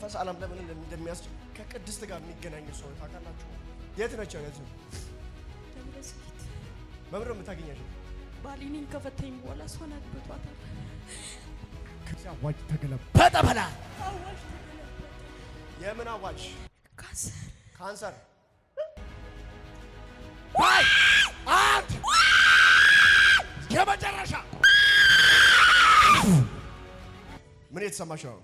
መንፈስ ዓለም ለምን እንደሚያስችል ከቅድስት ጋር የሚገናኙ ሰዎች ታውቃላችሁ? የት ናቸው? የት ነው መምረ የምታገኛቸው? ባሊኒን ከፈተኝ በኋላ ሰሆን አግብቷታል። ከዚያ አዋጅ ተገለበጠ በላ የምን አዋጅ? ካንሰር የመጨረሻ ምን የተሰማሽ ነው?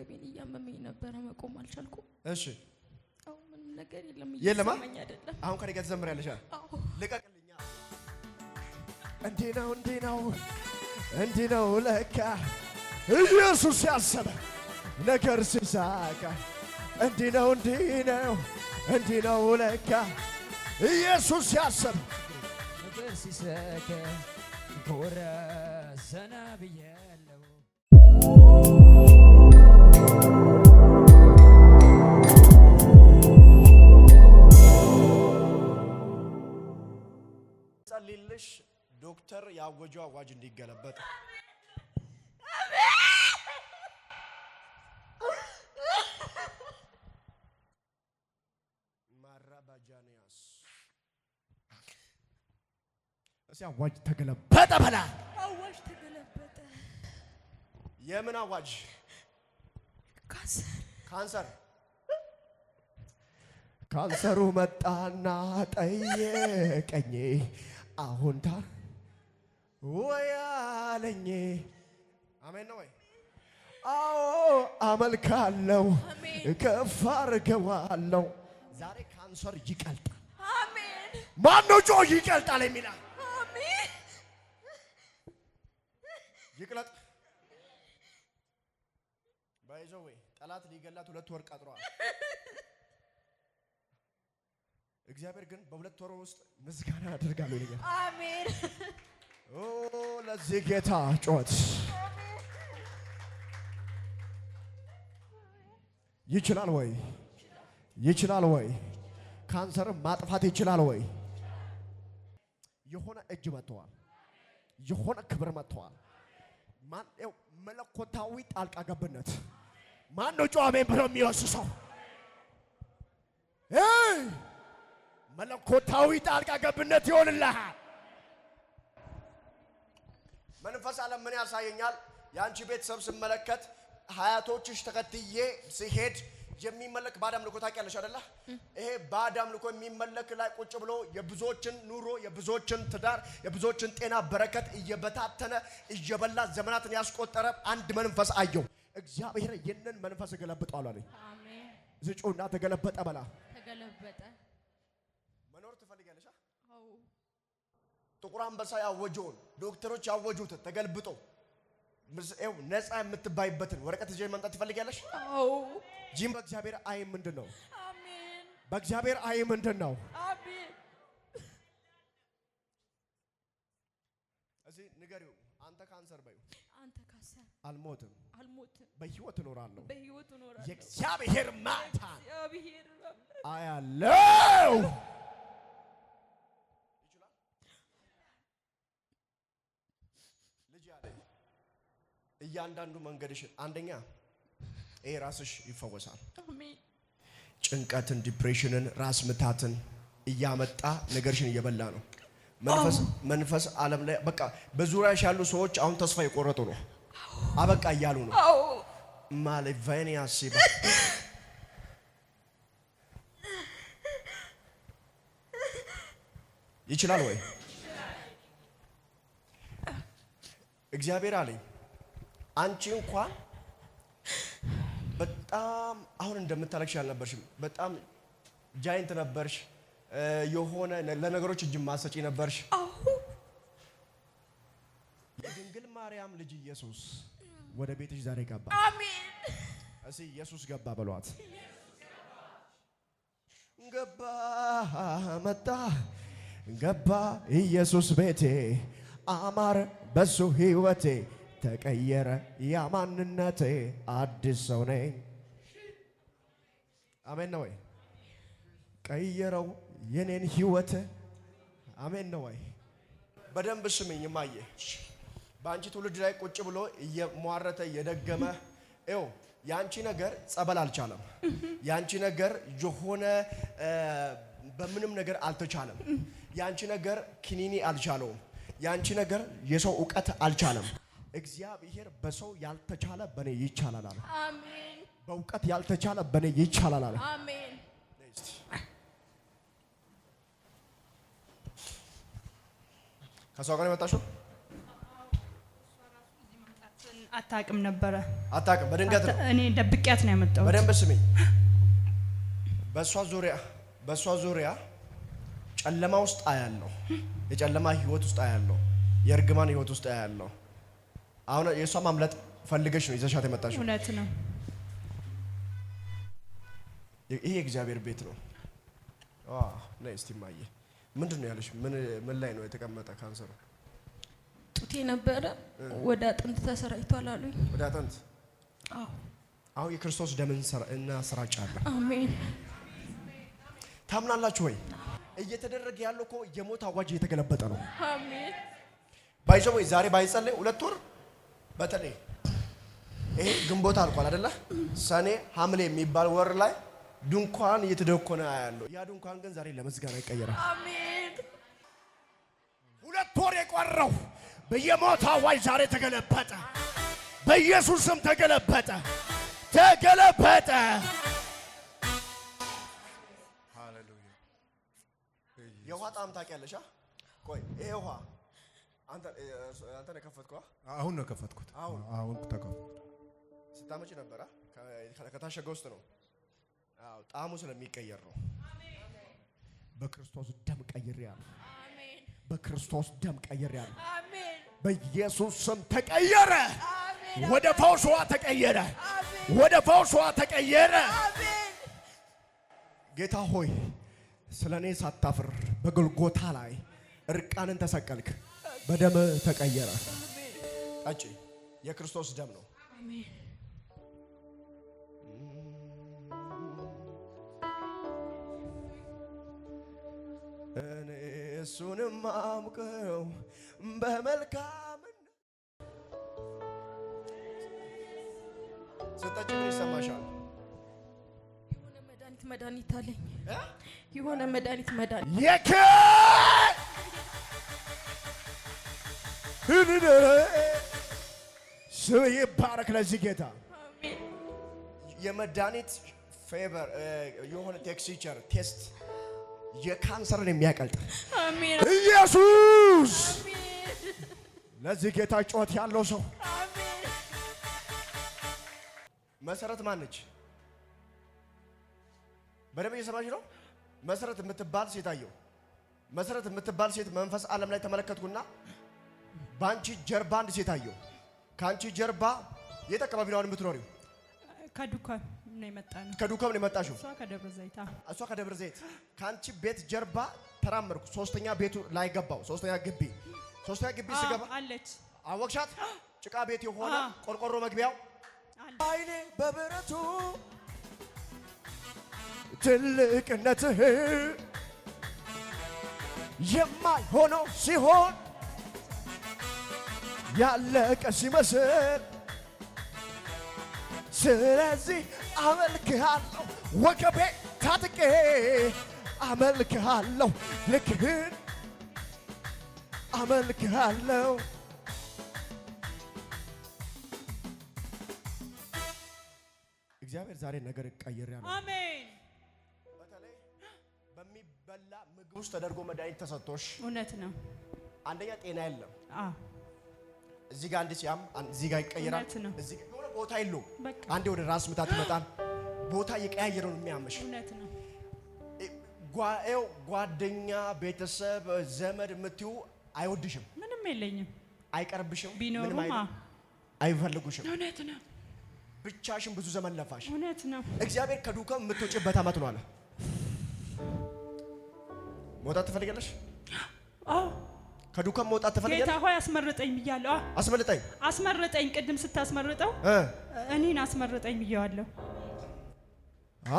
ወገቤን እያመመኝ ነበረ፣ መቆም አልቻልኩም። እሺ ምንም ነገር የለም፣ እየሰማኝ አይደለም። አሁን ከኔ ጋር ትዘምሪያለሽ። ልቀቅልኛ። እንዲህ ነው እንዲህ ነው እንዲህ ነው ለካ ኢየሱስ ያሰበ ነገር ሲሳካ፣ እንዲህ ነው እንዲህ ነው እንዲህ ነው ለካ ኢየሱስ ያሰበ ነገር ሲሳካ ጎረሰና ብዬ ልጅሽ ዶክተር ያወጀው አዋጅ እንዲገለበጥ አዋጅ ተገለበጠ በላ አዋጅ ተገለበጠ። የምን አዋጅ? ካንሰር ካንሰሩ መጣና ጠየቀኝ። አሁንታ ወያለኝ አሜን ነው ወይ? አዎ አመልካለሁ፣ ከፍ አድርገዋለሁ። ዛሬ ካንሰር ይቀልጣል። አሜን። ማነው ጮ ይቀልጣል የሚላል? አሜን። ይቅለጥ ባይዘው ወይ ጠላት ሊገላት ሁለት ወር ቀጥሯል። እግዚአብሔር ግን በሁለት ወር ውስጥ ምስጋና ያደርጋል። አሜን። ለዚህ ጌታ ጮት ይችላል ወይ? ይችላል ወይ? ካንሰርን ማጥፋት ይችላል ወይ? የሆነ እጅ መጥተዋል። የሆነ ክብር መጥተዋል። መለኮታዊ ጣልቃ ገብነት ነው? ጮ አሜን ብሎ የሚወስድ ሰው መለኮታዊ ጣልቃ ገብነት ይሆንልሃል። መንፈስ ዓለም ምን ያሳየኛል? የአንቺ ቤተሰብ ስመለከት ሀያቶችሽ ተከትዬ ሲሄድ የሚመለክ ባዕድ አምልኮ ታውቂያለሽ አይደለ? ይሄ ባዕድ አምልኮ የሚመለክ ላይ ቁጭ ብሎ የብዙዎችን ኑሮ፣ የብዙዎችን ትዳር፣ የብዙዎችን ጤና በረከት እየበታተነ እየበላ ዘመናትን ያስቆጠረ አንድ መንፈስ አየው። እግዚአብሔር ይህንን መንፈስ እገለብጠዋለሁ አለኝ። ዝጮና ተገለበጠ በላ ተገለበጠ ጥቁር አንበሳ ያወጀውን ዶክተሮች ያወጁትን ተገልብጦ ነፃ የምትባይበትን ወረቀት ይዘሽ መምጣት ትፈልጊያለሽ? አዎ። ጂም በእግዚአብሔር አይ ምንድን ነው? በእግዚአብሔር አይ ምንድን ነው? እዚህ ንገሪው። አንተ ካንሰር በይው። አንተ ካንሰር አልሞትም፣ አልሞትም፣ በህይወት እኖራለሁ፣ በህይወት እኖራለሁ። የእግዚአብሔር ማታ አያለው እያንዳንዱ መንገድሽ አንደኛ ይሄ ራስሽ ይፈወሳል። ጭንቀትን፣ ዲፕሬሽንን፣ ራስ ምታትን እያመጣ ነገርሽን እየበላ ነው። መንፈስ መንፈስ ዓለም ላይ በቃ በዙሪያሽ ያሉ ሰዎች አሁን ተስፋ የቆረጡ ነው። አበቃ እያሉ ነው። ማሌቫኒያ ሲባ ይችላል ወይ? እግዚአብሔር አለኝ አንቺ እንኳን በጣም አሁን እንደምታለቅሽ አልነበርሽም። በጣም ጃይንት ነበርሽ፣ የሆነ ለነገሮች እጅ ማሰጪ ነበርሽ። የድንግል ማርያም ልጅ ኢየሱስ ወደ ቤትሽ ዛሬ ገባ። አሜን። ኢየሱስ ገባ በሏት። ገባ መጣ፣ ገባ ኢየሱስ ቤቴ አማረ በሱ ህይወቴ ተቀየረ ያማንነቴ አዲስ ሰው ነኝ። አሜን ነው ወይ? ቀየረው የኔን ህይወት። አሜን ነው ወይ? በደንብ ስምኝ ማየ በአንቺ ትውልድ ላይ ቁጭ ብሎ እየሟረተ እየደገመ ይኸው የአንቺ ነገር ጸበል አልቻለም። የአንቺ ነገር የሆነ በምንም ነገር አልተቻለም። የአንቺ ነገር ክኒኒ አልቻለውም። ያንቺ ነገር የሰው እውቀት አልቻለም። እግዚአብሔር በሰው ያልተቻለ በእኔ ይቻላል አለ። አሜን። በእውቀት ያልተቻለ በእኔ ይቻላል አለ። አሜን። ከሷ ጋር የመጣሽው አታውቅም ነበረ። አታውቅም በድንገት ነው። እኔ ደብቄያት ነው ያመጣሁት። በደንብ ስሜ በእሷ ዙሪያ በእሷ ዙሪያ ጨለማ ውስጥ አያለሁ። የጨለማ ህይወት ውስጥ አያለሁ። የእርግማን ህይወት ውስጥ አያለሁ። አሁን የእሷ ማምለጥ ፈልገሽ ነው ይዘሻት የመጣሽው። እውነት ነው። ይሄ እግዚአብሔር ቤት ነው። ነይ እስቲ ምንድን ነው ያለሽ? ምን ላይ ነው የተቀመጠ ካንሰሩ? ጡቴ ነበረ ወደ አጥንት ተሰራጭቷል አሉኝ። ወደ አጥንት? አዎ። አሁን የክርስቶስ ደም እናስራጫለን። አሜን። ታምናላችሁ ወይ? እየተደረገ ያለው እኮ የሞት አዋጅ እየተገለበጠ ነው። አሜን። ባይዘው ወይ ዛሬ ባይጸልይ ሁለት ወር በተለይ ይሄ ግንቦት አልቋል አይደለ? ሰኔ ሐምሌ የሚባል ወር ላይ ድንኳን እየተደኮነ ያለው ያ ድንኳን ግን ዛሬ ለምስጋና ይቀየራል። አሜን። ሁለት ወር የቆረው በየሞት አዋጅ ዛሬ ተገለበጠ። በኢየሱስም ተገለበጠ፣ ተገለበጠ። የውሃ ጣም ታውቂያለሽ? ቆይ ይሄ ውሃ አንተ ነው የከፈትኩት? አሁን ነው የከፈትኩት። አሁን አሁን ተከፈትኩት። ስታመጪ ነበረ? ከታሸገ ውስጥ ነው። አዎ ጣዕሙ ስለሚቀየር ነው። በክርስቶስ ደም ቀይሬያለሁ። አሜን። በክርስቶስ ደም ቀይሬያለሁ። አሜን። በኢየሱስ ስም ተቀየረ። ወደ ፈውስ ውሃ ተቀየረ። ወደ ፈውስ ውሃ ተቀየረ። ጌታ ሆይ ስለ እኔ ሳታፍር በጎልጎታ ላይ እርቃንን ተሰቀልክ፣ በደም ተቀየረ። ጠጪ የክርስቶስ ደም ነው። እኔ እሱንም አምቀው በመልካም ስጠጭ ምን ይሰማሻል? የሆነ መድኃኒት መድኃኒት አለኝ የሆነ መድኃኒት መድኃኒት የከ ስም ይባረክ ለዚህ ጌታ የመድኃኒት ፌቨር የሆነ ቴክስቸር ቴስት የካንሰርን የሚያቀልጥ ኢየሱስ ለዚህ ጌታ ጮት ያለው ሰው መሰረት ማነች? በደንብ እየሰማች ነው። መሰረት የምትባል ሴት አየሁ። መሰረት የምትባል ሴት መንፈስ ዓለም ላይ ተመለከትኩና በአንቺ ጀርባ አንድ ሴት አየሁ። ከአንቺ ጀርባ የት አካባቢ ነው የምትኖሪው? ከዱከም ነው የመጣ የመጣሽው? እሷ ከደብረ ዘይት። ከአንቺ ቤት ጀርባ ተራመድኩ። ሶስተኛ ቤቱ ላይ ገባው። ሶስተኛ ግቢ፣ ሶስተኛ ግቢ ስገባ አለች። አወቅሻት? ጭቃ ቤት የሆነ ቆርቆሮ መግቢያው አይኔ በብረቱ ትልቅነትህ የማይሆነው ሲሆን ያለቀ ሲመስል ስለዚህ አመልክሃለሁ ወገቤ ታጥቄ አመልክሃለሁ ልክህን አመልክሃለሁ እግዚአብሔር ዛሬ ነገር ቀይሬያለሁ። አሜን። በላ ምግብ ውስጥ ተደርጎ መድኃኒት ተሰጥቶሽ እውነት ነው። አንደኛ ጤና የለም። እዚህ ጋር አንድ ሲያም እዚህ ጋር ይቀየራል። እዚህ ጋር ቦታ የለውም። አንዴ ወደ ራስ ምታት ይመጣል። ቦታ እየቀያየረ ነው የሚያመሽ። እውነት ነው። ጓደኛ፣ ቤተሰብ፣ ዘመድ የምትዩ አይወድሽም። ምንም የለኝም። አይቀርብሽም። ቢኖሩማ አይፈልጉሽም። እውነት ነው። ብቻሽን ብዙ ዘመን ለፋሽ። እውነት ነው። እግዚአብሔር ከዱከም የምትወጪበት አመት ነው አለ መውጣት ትፈልጋለሽ? አዎ ከዱካም መውጣት ትፈልጋለሽ? ጌታ ሆይ አስመርጠኝ ብያለሁ። አስመርጠኝ አስመርጠኝ። ቅድም ስታስመርጠው እኔን አስመርጠኝ ብያለሁ።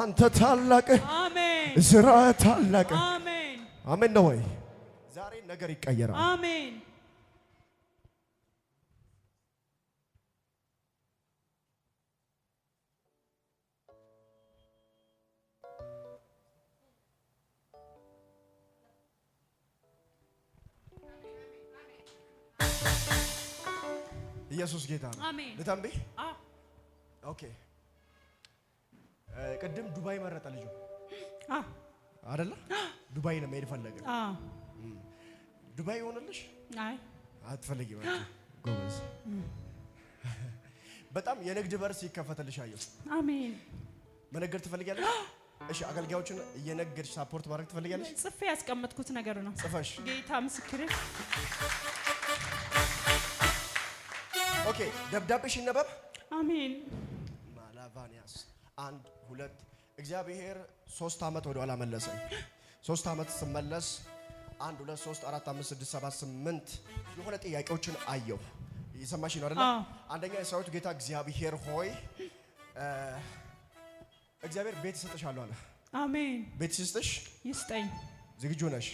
አንተ ታላቅ፣ አሜን። ስራ ታላቅ፣ አሜን። አሜን ነው ወይ? ዛሬ ነገር ይቀየራል። አሜን ኢየሱስ ጌታ ነው። አሜን። ልታምቢ ኦኬ። ቅድም ዱባይ መረጠ ልጁ አይደለ? ዱባይ ነው መሄድ ፈለገ። ዱባይ ይሆንልሽ? አይ አትፈልጊ ጎበዝ። በጣም የንግድ በርስ ሲከፈትልሽ አየሁ። አሜን። መነገድ ትፈልጊያለሽ? እሺ አገልጋዮችን እየነገድሽ ሳፖርት ማድረግ ትፈልጊያለሽ? ጽፌ ያስቀመጥኩት ነገር ነው። ጽፈሽ ጌታ ምስክሬ ኦኬ፣ ደብዳቤሽ ይነበብ። አሜን። ማላቫኒያስ አንድ ሁለት። እግዚአብሔር ሶስት ዓመት ወደኋላ መለሰኝ። ሶስት ዓመት ስመለስ አንድ ሁለት ሶስት አራት አምስት ስድስት ሰባት ስምንት የሆነ ጥያቄዎችን አየሁ። እየሰማሽ ነው አይደለ? አንደኛ የሰራዊት ጌታ እግዚአብሔር ሆይ እግዚአብሔር ቤት ይሰጥሻለሁ አለ። አሜን። ቤት ይስጥሽ። ይስጠኝ። ዝግጁ ነሽ?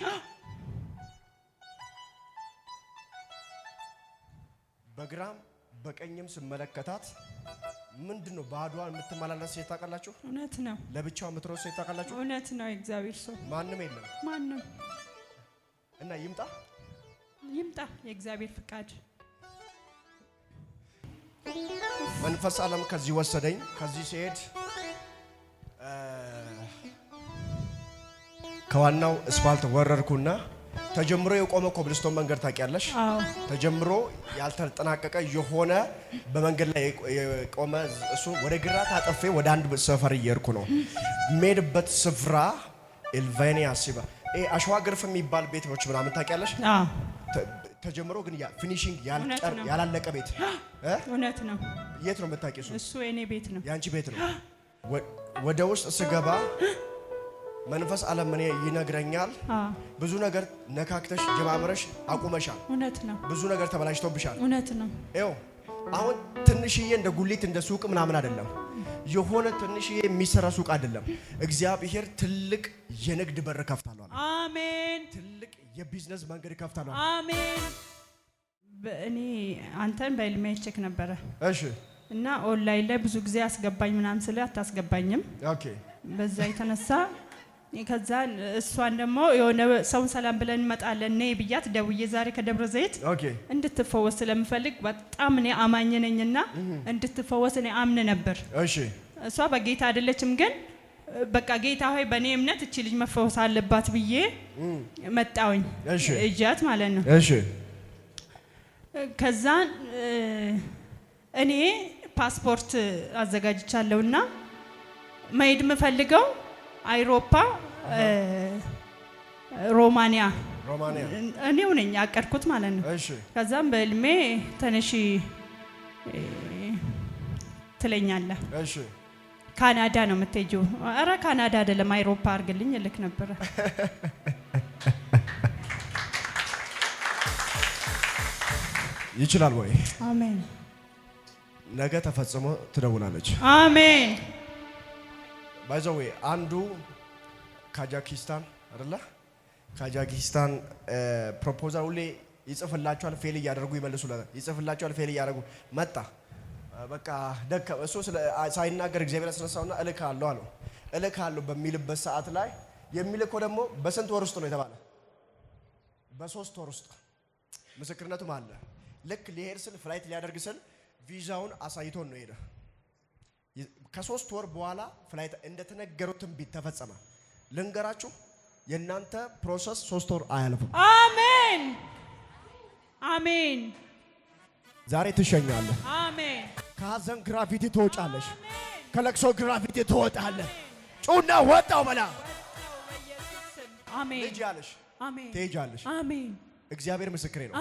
በግራም በቀኝም ስመለከታት ምንድን ነው ባዷን የምትመላለስ ሴት ታውቃላችሁ? እውነት ነው። ለብቻው የምትሮጥ ሴት ታውቃላችሁ? እውነት ነው። የእግዚአብሔር ሰው ማንም የለም ማንም እና ይምጣ ይምጣ የእግዚአብሔር ፍቃድ መንፈስ ዓለም ከዚህ ወሰደኝ። ከዚህ ሲሄድ ከዋናው እስፋልት ወረድኩና ተጀምሮ የቆመ ኮብልስቶን መንገድ ታውቂያለሽ? ተጀምሮ ያልተጠናቀቀ የሆነ በመንገድ ላይ የቆመ እሱ ወደ ግራ ታጠፌ ወደ አንድ ሰፈር እየርኩ ነው የምሄድበት ስፍራ ኤልቬኒያ ሲባ አሸዋ ግርፍ የሚባል ቤቶች ምናምን ታውቂያለሽ? ተጀምሮ ግን ፊኒሽንግ ያላለቀ ቤት እውነት ነው። የት ነው የምታውቂው? እሱ የኔ ቤት ነው፣ የአንቺ ቤት ነው። ወደ ውስጥ ስገባ መንፈስ ዓለም እኔ ይነግረኛል። ብዙ ነገር ነካክተሽ ጀማምረሽ አቁመሻል። እውነት ነው። ብዙ ነገር ተበላሽቶብሻል። እውነት ነው። ይኸው አሁን ትንሽዬ እንደ ጉሊት እንደ ሱቅ ምናምን አይደለም። የሆነ ትንሽዬ የሚሰራ ሱቅ አይደለም። እግዚአብሔር ትልቅ የንግድ በር ከፍታለሁ። አሜን። ትልቅ የቢዝነስ መንገድ ከፍታለሁ። አሜን። እኔ አንተን በህልሜ ቼክ ነበረ። እሺ። እና ኦንላይን ላይ ብዙ ጊዜ አስገባኝ ምናምን ስለ አታስገባኝም። ኦኬ። በዛ የተነሳ ከዛ እሷን ደግሞ የሆነ ሰውን ሰላም ብለን እንመጣለን ነይ ብያት ደውዬ ዛሬ ከደብረ ዘይት እንድትፈወስ ስለምፈልግ በጣም እኔ አማኝ ነኝና እንድትፈወስ እኔ አምን ነበር። እሷ በጌታ አይደለችም፣ ግን በቃ ጌታ ሆይ በእኔ እምነት እቺ ልጅ መፈወስ አለባት ብዬ መጣውኝ እጃት ማለት ነው። ከዛ እኔ ፓስፖርት አዘጋጅቻለሁና መሄድ የምፈልገው አይሮፓ ሮማንያ እኔው ነኝ ያቀድኩት ማለት ነው። ከዛም በእልሜ ትንሽ ትለኛለህ ካናዳ ነው የምትሄጂው? ኧረ ካናዳ አይደለም አውሮፓ አድርግልኝ እልክ ነበረ። ይችላል ወይ? አሜን። ነገ ተፈጽሞ ትደውላለች። አሜን። ባይ አንዱ ካጃኪስታን አይደለ? ካጃኪስታን ፕሮፖዛል ሁሌ ይጽፍላቸዋል፣ ፌል እያደረጉ ይመልሱለታል። ይጽፍላቸዋል፣ ፌል እያደረጉ መጣ። በቃ ደከ እሱ ሳይናገር እግዚአብሔር አስነሳውና እልካለሁ አለው። እልካለሁ በሚልበት ሰዓት ላይ የሚልከው ደግሞ በስንት ወር ውስጥ ነው የተባለ? በሶስት ወር ውስጥ ምስክርነቱም አለ። ልክ ሊሄድ ስል ፍላይት ሊያደርግ ስል ቪዛውን አሳይቶን ነው ሄደ። ከሶስት ወር በኋላ ፍላይት እንደተነገረው ትንቢት ተፈጸመ። ልንገራችሁ የእናንተ ፕሮሰስ ሶስት ወር አያልፍም። አሜን አሜን። ዛሬ ትሸኛለህ። አሜን። ከሀዘን ግራፊቲ ትወጫለሽ። ከለቅሶ ግራፊቲ ትወጣለህ። ጩና ወጣው በላ ልጅ ያለሽ ትሄጃለሽ። እግዚአብሔር ምስክሬ ነው።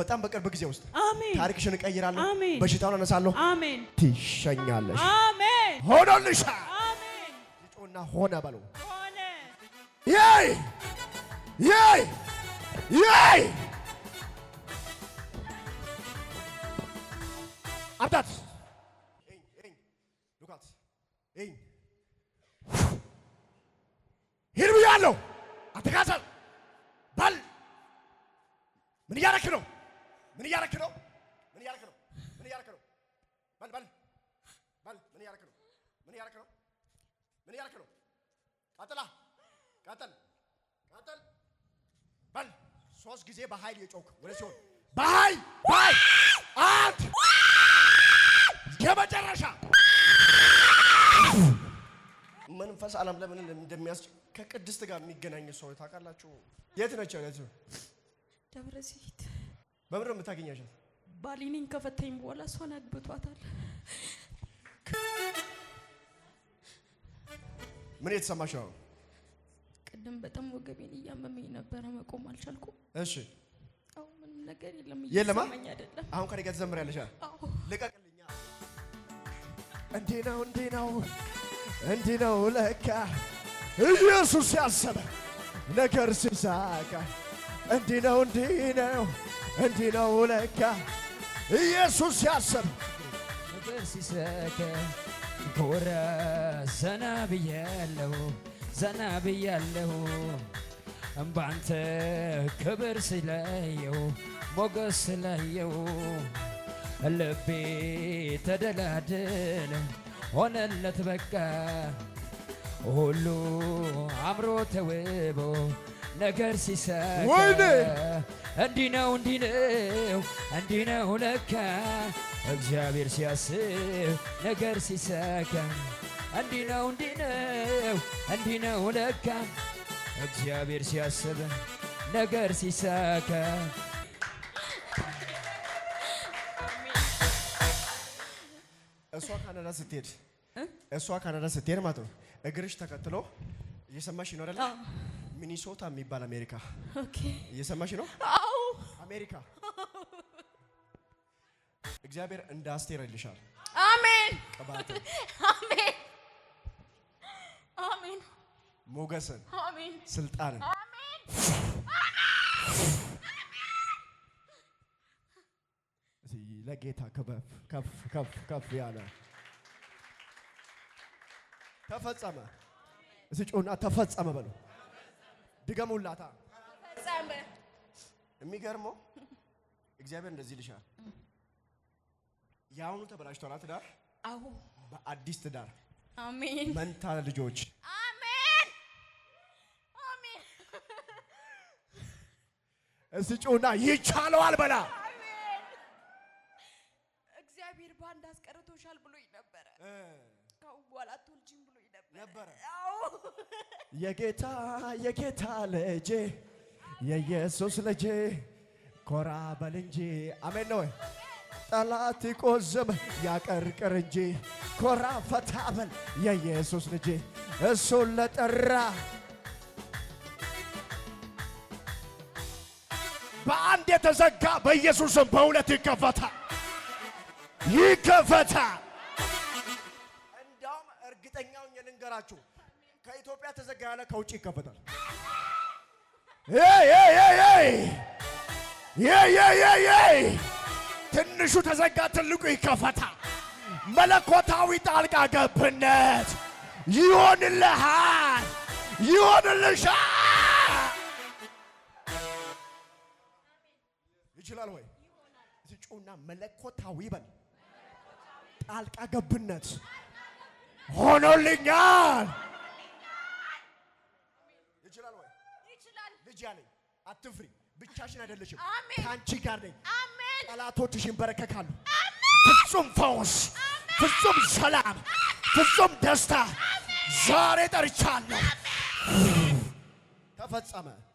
በጣም በቅርብ ጊዜ ውስጥ ታሪክሽን እቀይራለሁ። በሽታውን አነሳለሁ። ትሸኛለሽ። ሆኖልሻል። ጩና ሆነ በለው Jej! Jej! Jej! አዳት ሂድ ብያለሁ። አተካሰል በል። ምን እያረክ ነው? ምን እያረክ ነው? ምን እያረክ ነው? ምን እያረክ ነው? በል በል በል። ምን እያረክ ነው? ምን እያረክ ነው? ምን እያረክ ነው? ቀጥላ ቀጥል ቀጥል በል ሶስት ጊዜ በኃይል የጮክ ወደ ሲሆን በኃይል በኃይል አንድ የመጨረሻ መንፈስ ዓለም ለምን እንደሚያስ ከቅድስት ጋር የሚገናኝ ሰው ታውቃላችሁ? የት ነች? ያለች ደብረ ዘይት በምድር የምታገኛቸው ባሊኒን ከፈተኝ በኋላ እሷን አግብቷታል። ምን የተሰማሽ ነው? ቅድም በጣም ወገቤን እያመመኝ ነበረ፣ መቆም አልቻልኩም። እሺ አሁን ምንም ነገር የለም፣ እየሰማኝ አይደለም። አሁን ከኔ ጋር ትዘምሪያለሽ። ልቀቅልኛ። እንዲህ ነው እንዲህ ነው እንዲህ ነው ለካ ኢየሱስ ያሰበ ነገር ሲሳካ፣ እንዲህ ነው እንዲህ ነው እንዲህ ነው ለካ ኢየሱስ ያሰበ ነገር ሲሳካ ጎረ ዘና ብያለሁ ዘና ብያለሁ እምባንተ ክብር ስላየው ሞገስ ስላየው ልቤ ተደላደለ ሆነለት በቃ ሁሉ አምሮ ተውቦ ነገር ሲሳካ እንዲህ ነው እንዲህ ነው እንዲህ ነው ለካ እግዚአብሔር ሲያስብ ነገር ሲሳካ እንዲህ ነው እንዲህ ነው እንዲህ ነው ለካ እግዚአብሔር ሲያስብ ነገር ሲሳካ እሷ ካናዳ ስትሄድ እሷ ካናዳ ስትሄድ ማለት ነው እግርሽ ተከትሎ እየሰማሽ ነው አይደል? ሚኒሶታ የሚባል አሜሪካ እየሰማሽ ነው። አሜሪካ እግዚአብሔር እንደ አስቴር ይልሻል። አሜን። አሜን። ሞገስን፣ አሜን። ስልጣንን፣ አሜን። ለጌታ ከፍ ከፍ ከፍ ያለ ተፈጸመ። እስ ጮና ተፈጸመ በሉ ድገሙላታ። ተፈጸመ። የሚገርመው እግዚአብሔር እንደዚህ ልሻል። የአሁኑ ተበላሽቷል ትዳር፣ አሁን በአዲስ ትዳር አሜን። መንታ ልጆች እስጩና ይቻለዋል በላ። እግዚአብሔር በአንድ አስቀርቶሻል ብሎኝ ነበረ። ካሁን በኋላ አትወልጂም ብሎኝ ነበረ። የጌታ የጌታ ልጄ የኢየሱስ ልጄ ኮራ በል እንጂ አሜን ነው። ጠላት ይቆዝም ያቀርቅር እንጂ ኮራ ፈታ በል የኢየሱስ ልጄ እሱን ለጠራ በአንድ የተዘጋ በኢየሱስም በሁለት ይከፈታ ይከፈታ። እንዳውም እርግጠኛውን የልንገራችሁ ከኢትዮጵያ ተዘጋ ያለ ከውጭ ይከፈታል። ትንሹ ተዘጋ፣ ትልቁ ይከፈታ። መለኮታዊ ጣልቃ ገብነት ይሆንልሃል፣ ይሆንልሻል። ይችላል ወይ? ጩና መለኮታዊ በል ጣልቃ ገብነት ሆኖልኛል። ይችላል ወይ? ልጅ ያለኝ አትፍሪ፣ ብቻሽን አይደለሽም፣ ከአንቺ ጋር ነኝ። ጠላቶችሽ ይንበረከካሉ። ፍጹም ፈውስ፣ ፍጹም ሰላም፣ ፍጹም ደስታ ዛሬ ጠርቻለሁ። ተፈጸመ።